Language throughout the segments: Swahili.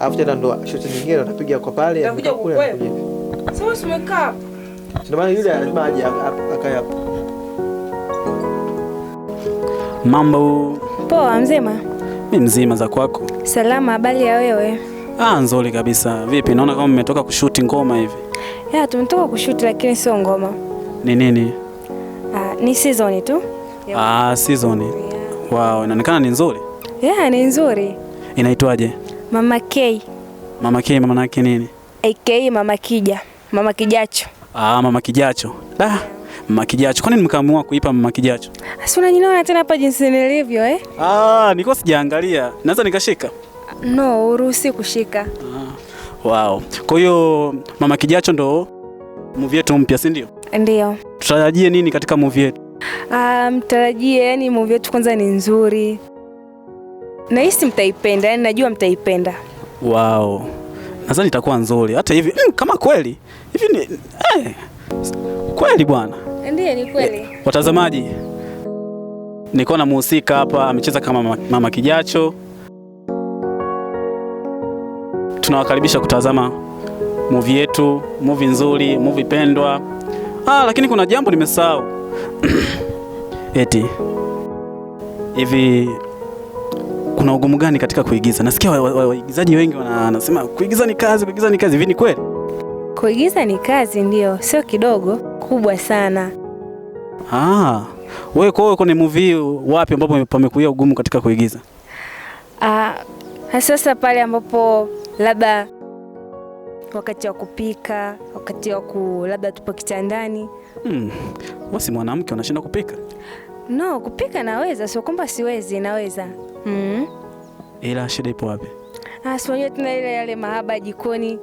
Alafu tena ndo shoti nyingine anapiga kwa pale. Ndio maana yule anasema aje akae hapo. Mambo poa, mzima? Mimi mzima, za kwako? Salama, habari ya wewe? Ah, nzuri kabisa. Vipi, naona kama mmetoka kushuti ngoma hivi? Ya, tumetoka kushuti lakini sio ngoma. Ni nini? Ah, ni season tu. Ah, season. Wow, inaonekana ni nzuri. Yeah, ni nzuri. Inaitwaje? Mama K. Mama K mama yake nini? AK Mama Kija. Mama Kijacho. Ah, Mama Kijacho. Da. Mama Kijacho. Kwa nini mkaamua kuipa Mama Kijacho? Ah, si unaniona tena hapa jinsi nilivyo eh? Ah, niko sijaangalia. Naweza nikashika? No, uruhusi kushika. Ah. Wow. Kwa hiyo Mama Kijacho ndo movie yetu mpya, si ndio? Ndio. Tutarajie nini katika movie yetu? Ah, mtarajie yani movie yetu kwanza ni nzuri. Nahisi mtaipenda, yani najua mtaipenda. Wow. Nadhani itakuwa nzuri hata hivi mm, kama kweli hivi ni eh, kweli bwana. Ndiye, ni kweli. Eh, watazamaji, nilikuwa na muhusika hapa amecheza kama mama, mama Kijacho. Tunawakaribisha kutazama movie yetu, movie nzuri, movie pendwa. Ah, lakini kuna jambo nimesahau. Eti hivi kuna ugumu gani katika kuigiza? Nasikia waigizaji wa, wa, wengi wanasema kuigiza ni kazi, kuigiza ni kazi. Hivi ni kweli? Kuigiza ni kazi, ndio, sio kidogo, kubwa sana. Ah, wewe kwa wewe kwenye movie wapi ambapo pamekuia ugumu katika kuigiza? Ah, sasa pale ambapo labda wakati wa kupika, wakati wa ku labda tupo kitandani. Mm. Wasi mwanamke unashinda kupika? No, kupika naweza, sio kwamba siwezi, naweza. Mm. Ila shida ipo wapi? Ah, si unajua tuna ile yale mahaba jikoni.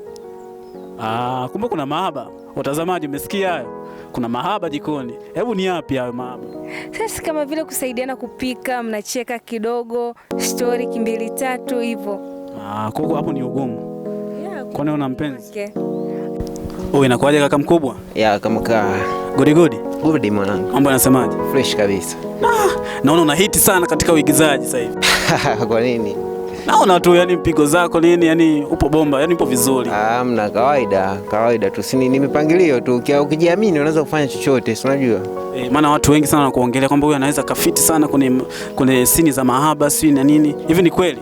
Ah, kumbe kuna mahaba. Watazamaji, umesikia hayo? Kuna mahaba jikoni. Hebu ni yapi hayo mahaba? Sasa kama vile kusaidiana kupika, mnacheka kidogo, story kimbili tatu hivyo. Ah, kwa hapo ni ugumu. Yeah, kwani una mpenzi? Okay. Wewe inakuaje kaka mkubwa? Ya Yeah, kama ka. Good good. Good mwanangu. Mambo yanasemaje? Fresh kabisa. Ah, naona una hiti sana katika uigizaji sasa hivi. Kwa nini? Naona tu yani mpigo zako nini, yani upo bomba, yani upo vizuri. Ah, hamna, kawaida kawaida tu, si ni mipangilio tu. Ukijiamini unaweza kufanya chochote, si unajua e, maana watu wengi sana wanakuongelea kwamba huyu anaweza kafiti sana kwenye kwenye sini za mahaba si na nini hivi. Ni kweli?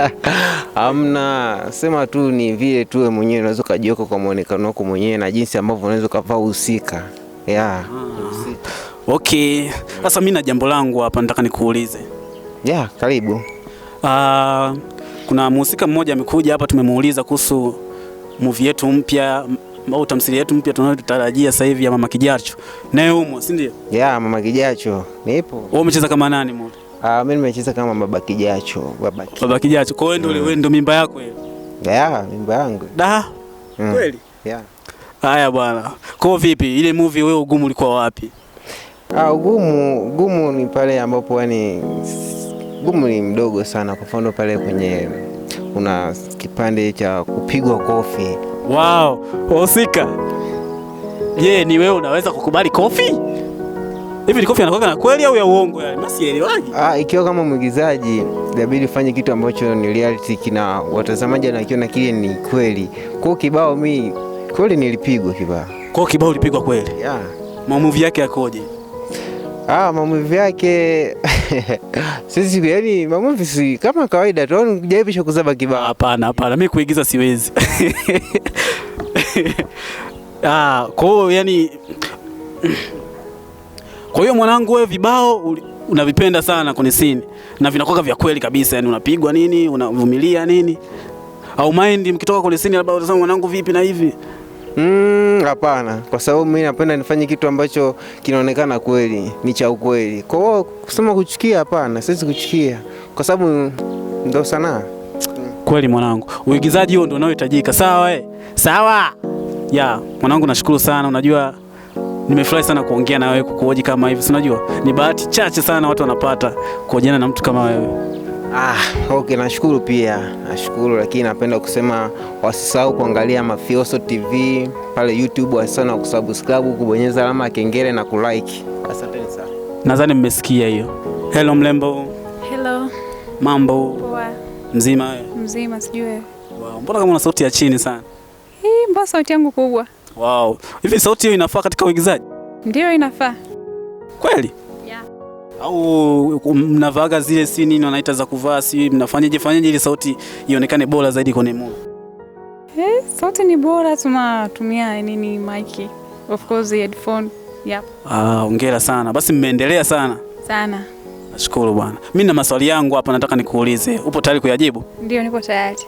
Hamna, sema tu ni vile tu wewe mwenyewe unaweza ukajiweka kwa muonekano wako mwenyewe na jinsi ambavyo unaweza ukavaa husika, yeah. Ah, okay. Sasa mimi na jambo langu hapa nataka nikuulize Yeah, karibu. Uh, kuna mhusika mmoja amekuja hapa, tumemuuliza kuhusu movie yetu mpya au tamthilia yetu mpya tunayotarajia sasa hivi ya Mama Kijacho. Naye umo, si ndio? Yeah, Mama Kijacho. Nipo. Wewe umecheza kama nani mmoja? Ah, mimi nimecheza kama Baba Kijacho. Baba Kijacho. Baba Kijacho. Kwa hiyo ndio wewe ndio mimba yako hiyo? Yeah, mimba yangu. Da. Mm. Kweli? Yeah. Haya bwana. Kwa vipi ile movie wewe ugumu ulikuwa wapi? Ah, ugumu, ugumu ni pale ambapo yani ugumu ni mdogo sana. Kwa mfano pale kwenye kuna kipande cha kupigwa kofi. Wow, wahusika. Je, ni wewe unaweza kukubali kofi? Hivi ni kofi anakuwa na kweli au ya uongo yani? Basi elewaje? Ah, ikiwa kama mwigizaji inabidi ufanye kitu ambacho ni reality kina watazamaji anakiona kile ni kweli. Kwa kibao mi kweli nilipigwa kibao. Kwa kibao ulipigwa kweli? Yeah. Maumivu yake yakoje? Ah, maumivu yake sisi, yani maumivu si kama kawaida tu, kujaribisha kuzaba kibao. Hapana, hapana, mimi kuigiza siwezi. Ah, kwa hiyo yani, kwa hiyo mwanangu, wewe vibao unavipenda sana kwenye sini na vinakuwa vya kweli kabisa, yani unapigwa nini, unavumilia nini, au mind mkitoka kwenye sini, labda utasema mwanangu, vipi na hivi Mm, hapana, mm, kwa sababu mimi napenda nifanye kitu ambacho kinaonekana kweli ni cha ukweli. Kwa hiyo kusema kuchukia, hapana, siwezi kuchukia kwa sababu ndo sanaa kweli. Mwanangu, uigizaji huo ndo unaohitajika. Sawa we, eh? Sawa ya mwanangu, nashukuru sana. Unajua nimefurahi sana kuongea na wewe, kukuoji kama hivi, si unajua ni bahati chache sana watu wanapata kuojana na mtu kama wewe. Ah, okay, nashukuru pia nashukuru, lakini napenda kusema wasisahau kuangalia Mafioso TV pale YouTube, wasisahau na kusubscribe, kubonyeza alama ya kengele na kulike. Asanteni sana. Nadhani mmesikia hiyo. Hello mlembo. Hello. Mambo. Poa. Mzima wewe? Mzima, sijui wewe. Wow, mbona kama una sauti ya chini sana? Hii mbona sauti yangu kubwa? Wow. Hivi sauti hiyo inafaa katika uigizaji? Ndio inafaa. Kweli? au mnavaga zile si nini wanaita za kuvaa, si mnafanyaje fanyaje ili sauti ionekane bora zaidi kwenye mu? Eh, sauti ni bora, tunatumia nini, mic of course headphone. Yep. Ah, ongera sana basi, mmeendelea sana sana. Nashukuru bwana. Mimi na maswali yangu hapa nataka nikuulize, upo tayari kuyajibu? Ndio, niko tayari.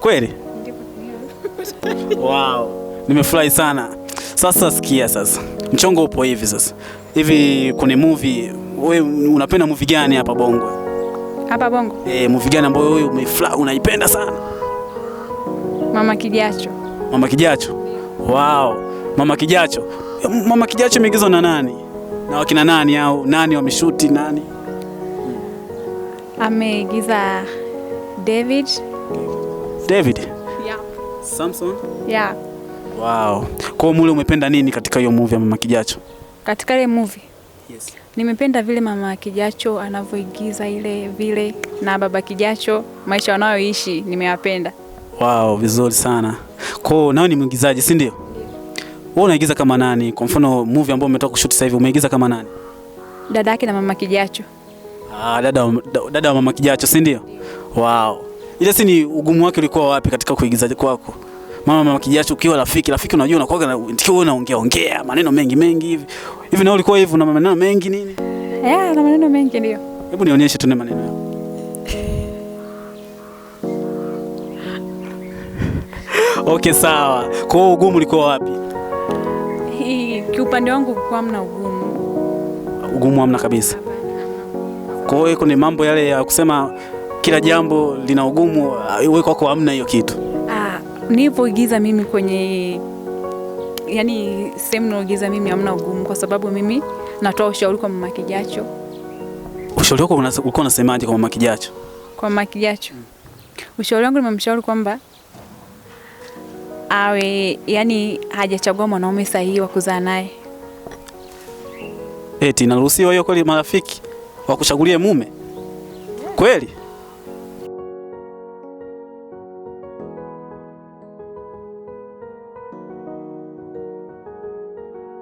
Kweli? Ndio. Wow, nimefurahi sana. Sasa sikia sasa mchongo upo hivi sasa hivi. Kwenye movie wewe unapenda movie gani hapa Bongo? Hapa Bongo eh, movie gani ambayo wewe umefla unaipenda sana? Mama Kijacho. Mama Kijacho, wow. Mama Kijacho, Mama Kijacho imeigizwa na nani na wakina nani au nani wameshuti nani? Ameigiza David. David. Yeah. Samson? Yeah. Wow. Kwa hiyo mule umependa nini katika hiyo movie ya Mama Kijacho? Katika ile movie? Yes. Nimependa vile Mama Kijacho anavyoigiza ile vile na Baba Kijacho maisha wanayoishi nimeyapenda. Wow, vizuri sana. Kwa hiyo nao ni mwigizaji, si ndio? Wewe unaigiza kama nani? Kwa mfano movie ambayo umetoka kushoot sasa hivi umeigiza kama nani? Dada yake na Mama Kijacho. Ah, dada dada wa Mama Kijacho, si ndio? Wow. Ile si ni ugumu wake ulikuwa wapi katika kuigiza kwako? mama kijacho, ukiwa rafiki rafiki, unajua unakuwa na wewe unaongea ongea maneno mengi mengi hivi hivi, na ulikuwa hivi na maneno mengi nini? Eh, na maneno mengi ndio. Hebu nionyeshe tu maneno. Okay, sawa. Kwa hiyo ugumu ulikuwa wapi? Kiupande wangu kwa hamna ugumu. Ugumu hamna kabisa. Kwa hiyo iko ni mambo yale ya kusema kila jambo lina ugumu, wewe kwako hamna hiyo kitu nilivyoigiza mimi kwenye yani sehemu naogiza mimi hamna ugumu, kwa sababu mimi natoa ushauri kwa mama Kijacho. Ushauri wako ulikuwa unasemaje kwa mama Kijacho? Kwa mama Kijacho, ushauri wangu nimemshauri kwamba awe yani hajachagua mwanaume sahihi wa kuzaa naye. Eti naruhusiwa hiyo kweli? Marafiki wakuchagulie mume kweli?